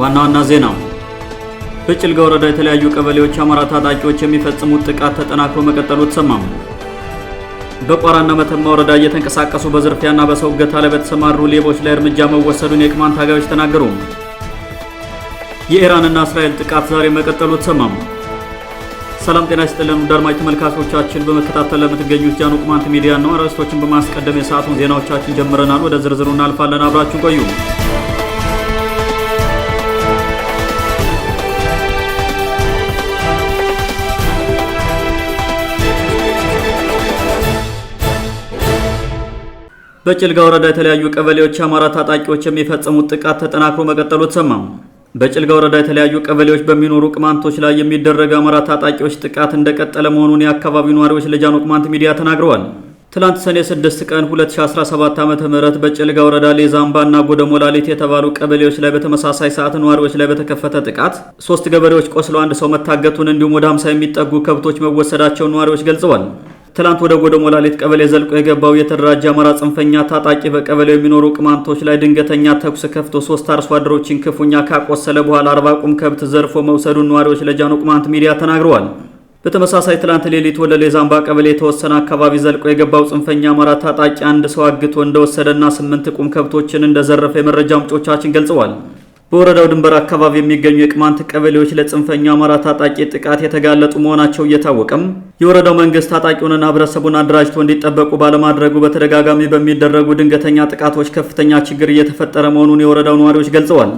ዋና ዋና ዜና በጭልጋ ወረዳ የተለያዩ ቀበሌዎች አማራ ታጣቂዎች የሚፈጽሙት ጥቃት ተጠናክሮ መቀጠሉ ተሰማም። በቋራና መተማ ወረዳ እየተንቀሳቀሱ በዝርፊያና በሰው እገታ ላይ በተሰማሩ ሌቦች ላይ እርምጃ መወሰዱን የቅማንት ታጋዮች ተናገሩ። የኢራንና እስራኤል ጥቃት ዛሬ መቀጠሉ ተሰማም። ሰላም ጤና ይስጥልን አድማጭ ተመልካቾቻችን፣ በመከታተል ለምትገኙት ጃኑ ቅማንት ሚዲያ ነው። አርዕስቶችን በማስቀደም የሰዓቱን ዜናዎቻችን ጀምረናል። ወደ ዝርዝሩ እናልፋለን። አብራችሁ ቆዩ። በጭልጋ ወረዳ የተለያዩ ቀበሌዎች የአማራ ታጣቂዎች የሚፈጸሙት ጥቃት ተጠናክሮ መቀጠሉ ተሰማ። በጭልጋ ወረዳ የተለያዩ ቀበሌዎች በሚኖሩ ቅማንቶች ላይ የሚደረገ አማራ ታጣቂዎች ጥቃት እንደቀጠለ መሆኑን የአካባቢው ነዋሪዎች ለጃኖ ቅማንት ሚዲያ ተናግረዋል። ትላንት ሰኔ 6 ቀን 2017 ዓ.ም በጭልጋ ወረዳ ሌዛምባ እና ጎደሞላሊት የተባሉ ቀበሌዎች ላይ በተመሳሳይ ሰዓት ነዋሪዎች ላይ በተከፈተ ጥቃት ሶስት ገበሬዎች ቆስሎ አንድ ሰው መታገቱን እንዲሁም ወደ 50 የሚጠጉ ከብቶች መወሰዳቸውን ነዋሪዎች ገልጸዋል። ትላንት ወደ ጎደ ሞላሌት ቀበሌ ዘልቆ የገባው የተደራጀ አማራ ጽንፈኛ ታጣቂ በቀበሌው የሚኖሩ ቅማንቶች ላይ ድንገተኛ ተኩስ ከፍቶ ሶስት አርሶ አደሮችን ክፉኛ ካቆሰለ በኋላ አርባ ቁም ከብት ዘርፎ መውሰዱን ነዋሪዎች ለጃኑ ቅማንት ሚዲያ ተናግረዋል። በተመሳሳይ ትላንት ሌሊት ወደ ሌዛምባ ቀበሌ የተወሰነ አካባቢ ዘልቆ የገባው ጽንፈኛ አማራ ታጣቂ አንድ ሰው አግቶ እንደወሰደና ስምንት ቁም ከብቶችን እንደዘረፈ የመረጃ ምንጮቻችን ገልጸዋል። በወረዳው ድንበር አካባቢ የሚገኙ የቅማንት ቀበሌዎች ለጽንፈኛው አማራ ታጣቂ ጥቃት የተጋለጡ መሆናቸው እየታወቀም የወረዳው መንግስት ታጣቂውንና ህብረተሰቡን አደራጅቶ እንዲጠበቁ ባለማድረጉ በተደጋጋሚ በሚደረጉ ድንገተኛ ጥቃቶች ከፍተኛ ችግር እየተፈጠረ መሆኑን የወረዳው ነዋሪዎች ገልጸዋል።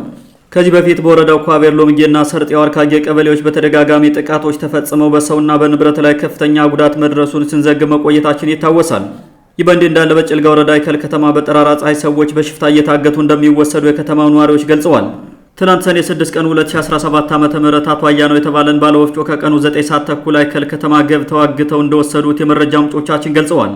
ከዚህ በፊት በወረዳው ኳቤር፣ ሎምጌና ሰርጤ ዋርካጌ ቀበሌዎች በተደጋጋሚ ጥቃቶች ተፈጽመው በሰውና በንብረት ላይ ከፍተኛ ጉዳት መድረሱን ስንዘግብ መቆየታችን ይታወሳል። ይህ በእንዲህ እንዳለ በጭልጋ ወረዳ አይከል ከተማ በጠራራ ፀሐይ ሰዎች በሽፍታ እየታገቱ እንደሚወሰዱ የከተማው ነዋሪዎች ገልጸዋል። ትናንት ሰኔ 6 ቀን 2017 ዓ.ም አቶ አያነው የተባለን ባለወፍጮ ከቀኑ 9 ሰዓት ተኩል አይከል ከተማ ገብተው አግተው እንደወሰዱት የመረጃ ምንጮቻችን ገልጸዋል።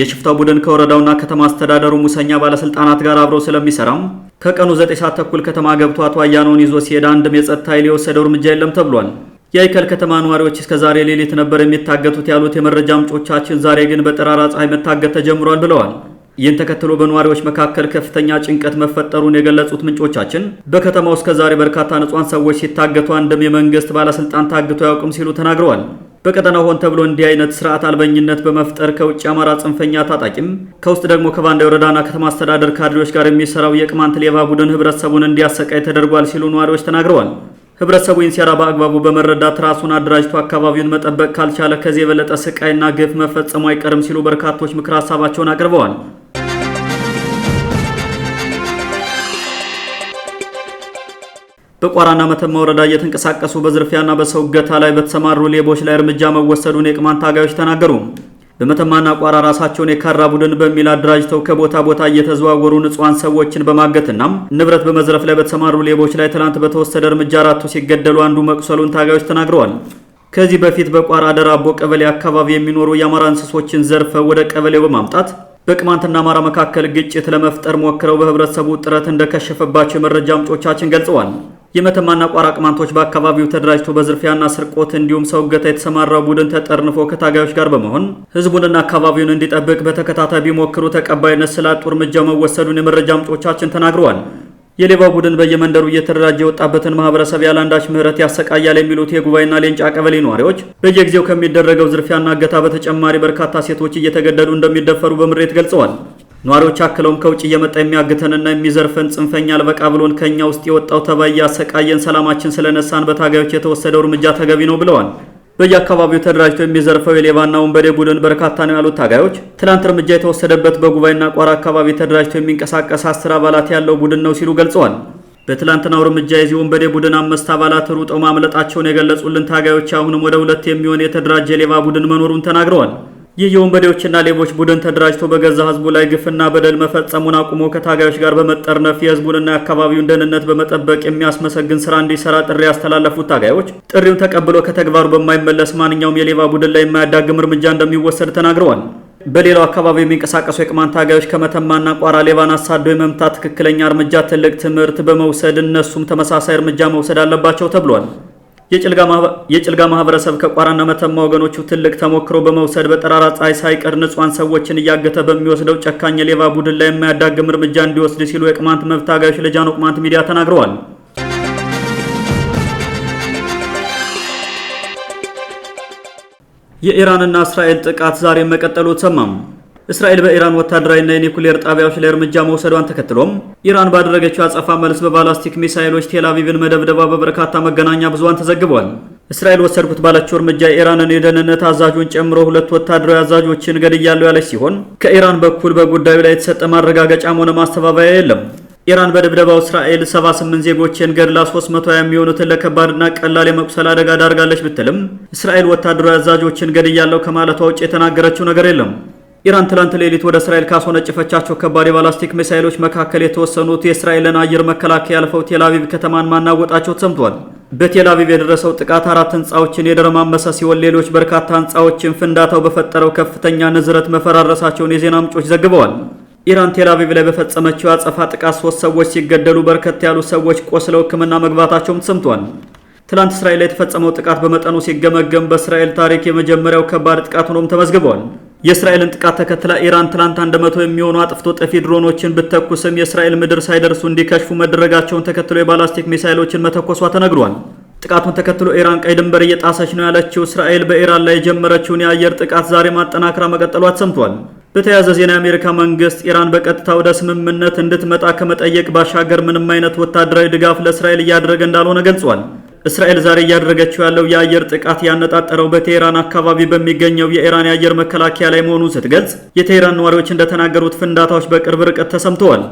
የሽፍታው ቡድን ከወረዳውና ከተማ አስተዳደሩ ሙሰኛ ባለስልጣናት ጋር አብረው ስለሚሰራም ከቀኑ 9 ሰዓት ተኩል ከተማ ገብቶ አቶ አያነውን ይዞ ሲሄድ አንድም የጸጥታ ኃይል የወሰደው እርምጃ የለም ተብሏል። የአይከል ከተማ ነዋሪዎች እስከ ዛሬ ሌሊት ነበር የሚታገቱት ያሉት የመረጃ ምንጮቻችን፣ ዛሬ ግን በጠራራ ፀሐይ መታገት ተጀምሯል ብለዋል። ይህን ተከትሎ በነዋሪዎች መካከል ከፍተኛ ጭንቀት መፈጠሩን የገለጹት ምንጮቻችን በከተማው እስከ ዛሬ በርካታ ንጹሐን ሰዎች ሲታገቱ አንድም የመንግስት ባለስልጣን ታግቶ አያውቅም ሲሉ ተናግረዋል። በቀጠናው ሆን ተብሎ እንዲህ አይነት ስርዓት አልበኝነት በመፍጠር ከውጭ አማራ ጽንፈኛ ታጣቂም ከውስጥ ደግሞ ከባንዳ ወረዳና ከተማ አስተዳደር ካድሬዎች ጋር የሚሰራው የቅማንት ሌባ ቡድን ህብረተሰቡን እንዲያሰቃይ ተደርጓል ሲሉ ነዋሪዎች ተናግረዋል። ህብረተሰቡ ኢንሴራ በአግባቡ በመረዳት ራሱን አደራጅቶ አካባቢውን መጠበቅ ካልቻለ ከዚህ የበለጠ ስቃይና ግፍ መፈጸሙ አይቀርም ሲሉ በርካቶች ምክር ሀሳባቸውን አቅርበዋል። በቋራና መተማ ወረዳ እየተንቀሳቀሱ በዝርፊያና በሰው እገታ ላይ በተሰማሩ ሌቦች ላይ እርምጃ መወሰዱን የቅማንት ታጋዮች ተናገሩ። በመተማና ቋራ ራሳቸውን የካራ ቡድን በሚል አደራጅተው ከቦታ ቦታ እየተዘዋወሩ ንጹሐን ሰዎችን በማገትና ንብረት በመዝረፍ ላይ በተሰማሩ ሌቦች ላይ ትናንት በተወሰደ እርምጃ አራቱ ሲገደሉ አንዱ መቁሰሉን ታጋዮች ተናግረዋል። ከዚህ በፊት በቋራ ደራቦ ቀበሌ አካባቢ የሚኖሩ የአማራ እንስሶችን ዘርፈው ወደ ቀበሌው በማምጣት በቅማንትና አማራ መካከል ግጭት ለመፍጠር ሞክረው በህብረተሰቡ ጥረት እንደከሸፈባቸው የመረጃ ምንጮቻችን ገልጸዋል። የመተማና ቋራ ቅማንቶች በአካባቢው ተደራጅቶ በዝርፊያና ስርቆት እንዲሁም ሰው እገታ የተሰማራው ቡድን ተጠርንፎ ከታጋዮች ጋር በመሆን ህዝቡንና አካባቢውን እንዲጠብቅ በተከታታይ ቢሞክሩ ተቀባይነት ስላጡ እርምጃ መወሰዱን የመረጃ ምንጮቻችን ተናግረዋል። የሌባ ቡድን በየመንደሩ እየተደራጀ የወጣበትን ማህበረሰብ ያለአንዳች ምህረት ያሰቃያል የሚሉት የጉባኤና ሌንጫ ቀበሌ ነዋሪዎች በየጊዜው ከሚደረገው ዝርፊያና እገታ በተጨማሪ በርካታ ሴቶች እየተገደዱ እንደሚደፈሩ በምሬት ገልጸዋል። ነዋሪዎች አክለውም ከውጭ እየመጣ የሚያግተንና የሚዘርፈን ጽንፈኛ አልበቃ ብሎን ከእኛ ውስጥ የወጣው ተባይ ያሰቃየን፣ ሰላማችን ስለነሳን በታጋዮች የተወሰደው እርምጃ ተገቢ ነው ብለዋል። በየአካባቢው ተደራጅቶ የሚዘርፈው የሌባና ወንበዴ ቡድን በርካታ ነው ያሉት ታጋዮች ትላንት እርምጃ የተወሰደበት በጉባኤና ቋራ አካባቢ ተደራጅቶ የሚንቀሳቀስ አስር አባላት ያለው ቡድን ነው ሲሉ ገልጸዋል። በትላንትናው እርምጃ የዚህ ወንበዴ ቡድን አምስት አባላት ሩጠው ማምለጣቸውን የገለጹልን ታጋዮች አሁንም ወደ ሁለት የሚሆን የተደራጀ ሌባ ቡድን መኖሩን ተናግረዋል። ይህ የወንበዴዎችና ሌቦች ቡድን ተደራጅቶ በገዛ ህዝቡ ላይ ግፍና በደል መፈጸሙን አቁሞ ከታጋዮች ጋር በመጠርነፍ የህዝቡንና የአካባቢውን ደህንነት በመጠበቅ የሚያስመሰግን ስራ እንዲሰራ ጥሪ ያስተላለፉት ታጋዮች ጥሪውን ተቀብሎ ከተግባሩ በማይመለስ ማንኛውም የሌባ ቡድን ላይ የማያዳግም እርምጃ እንደሚወሰድ ተናግረዋል። በሌላው አካባቢ የሚንቀሳቀሱ የቅማንት ታጋዮች ከመተማና ቋራ ሌባን አሳዶ የመምታት ትክክለኛ እርምጃ ትልቅ ትምህርት በመውሰድ እነሱም ተመሳሳይ እርምጃ መውሰድ አለባቸው ተብሏል። የጭልጋ ማህበረሰብ ከቋራና መተማ ወገኖቹ ትልቅ ተሞክሮ በመውሰድ በጠራራ ፀሐይ ሳይቀር ንጹሐን ሰዎችን እያገተ በሚወስደው ጨካኝ ሌባ ቡድን ላይ የማያዳግም እርምጃ እንዲወስድ ሲሉ የቅማንት መብት አጋዮች ለጃኖ ቅማንት ሚዲያ ተናግረዋል። የኢራንና እስራኤል ጥቃት ዛሬ መቀጠሉ ተሰማም። እስራኤል በኢራን ወታደራዊና የኒኩሌር ጣቢያዎች ላይ እርምጃ መውሰዷን ተከትሎም ኢራን ባደረገችው አጸፋ መልስ በባላስቲክ ሚሳይሎች ቴላቪቭን መደብደባ በበርካታ መገናኛ ብዙሃን ተዘግቧል። እስራኤል ወሰድኩት ባለችው እርምጃ የኢራንን የደህንነት አዛዡን ጨምሮ ሁለት ወታደራዊ አዛዦችን ገድያለሁ ያለች ሲሆን ከኢራን በኩል በጉዳዩ ላይ የተሰጠ ማረጋገጫም ሆነ ማስተባበያ የለም። ኢራን በድብደባው እስራኤል 78 ዜጎችን ገድላ 320 የሚሆኑትን ለከባድና ቀላል የመቁሰል አደጋ ዳርጋለች ብትልም እስራኤል ወታደራዊ አዛዦችን ገድያለሁ ከማለቷ ውጭ የተናገረችው ነገር የለም። ኢራን ትላንት ሌሊት ወደ እስራኤል ካስወነጨፈቻቸው ከባድ የባላስቲክ ሚሳይሎች መካከል የተወሰኑት የእስራኤልን አየር መከላከያ ያልፈው ቴላቪቭ ከተማን ማናወጣቸው ተሰምቷል። በቴላቪቭ የደረሰው ጥቃት አራት ህንፃዎችን የደረማመሰ ሲሆን ሌሎች በርካታ ህንፃዎችን ፍንዳታው በፈጠረው ከፍተኛ ንዝረት መፈራረሳቸውን የዜና ምንጮች ዘግበዋል። ኢራን ቴላቪቭ ላይ በፈጸመችው አጸፋ ጥቃት ሶስት ሰዎች ሲገደሉ በርከት ያሉ ሰዎች ቆስለው ሕክምና መግባታቸውም ተሰምቷል። ትላንት እስራኤል ላይ የተፈጸመው ጥቃት በመጠኑ ሲገመገም በእስራኤል ታሪክ የመጀመሪያው ከባድ ጥቃት ሆኖም ተመዝግቧል። የእስራኤልን ጥቃት ተከትላ ኢራን ትላንት 100 የሚሆኑ አጥፍቶ ጠፊ ድሮኖችን ብትተኩስም የእስራኤል ምድር ሳይደርሱ እንዲከሽፉ መደረጋቸውን ተከትሎ የባላስቲክ ሚሳይሎችን መተኮሷ ተነግሯል። ጥቃቱን ተከትሎ ኢራን ቀይ ድንበር እየጣሰች ነው ያለችው እስራኤል በኢራን ላይ የጀመረችውን የአየር ጥቃት ዛሬ ማጠናከራ መቀጠሏ ተሰምቷል። በተያያዘ ዜና የአሜሪካ መንግስት ኢራን በቀጥታ ወደ ስምምነት እንድትመጣ ከመጠየቅ ባሻገር ምንም አይነት ወታደራዊ ድጋፍ ለእስራኤል እያደረገ እንዳልሆነ ገልጿል። እስራኤል ዛሬ እያደረገችው ያለው የአየር ጥቃት ያነጣጠረው በቴህራን አካባቢ በሚገኘው የኢራን የአየር መከላከያ ላይ መሆኑን ስትገልጽ የቴህራን ነዋሪዎች እንደተናገሩት ፍንዳታዎች በቅርብ ርቀት ተሰምተዋል።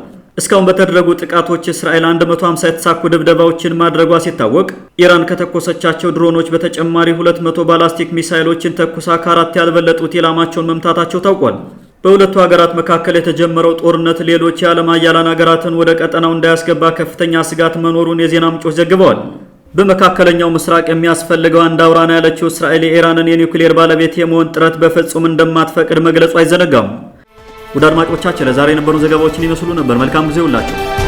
እስካሁን በተደረጉ ጥቃቶች እስራኤል 150 የተሳኩ ድብደባዎችን ማድረጓ ሲታወቅ ኢራን ከተኮሰቻቸው ድሮኖች በተጨማሪ 200 ባላስቲክ ሚሳይሎችን ተኩሳ ከአራት ያልበለጡት ኢላማቸውን መምታታቸው ታውቋል። በሁለቱ ሀገራት መካከል የተጀመረው ጦርነት ሌሎች የዓለም አያላን ሀገራትን ወደ ቀጠናው እንዳያስገባ ከፍተኛ ስጋት መኖሩን የዜና ምንጮች ዘግበዋል። በመካከለኛው ምስራቅ የሚያስፈልገው አንድ አውራ ነው ያለችው እስራኤል የኢራንን የኒውክሌር ባለቤት የመሆን ጥረት በፍጹም እንደማትፈቅድ መግለጹ አይዘነጋም። ውድ አድማጮቻችን ለዛሬ የነበሩን ዘገባዎችን ይመስሉ ነበር። መልካም ጊዜ ሁላችሁ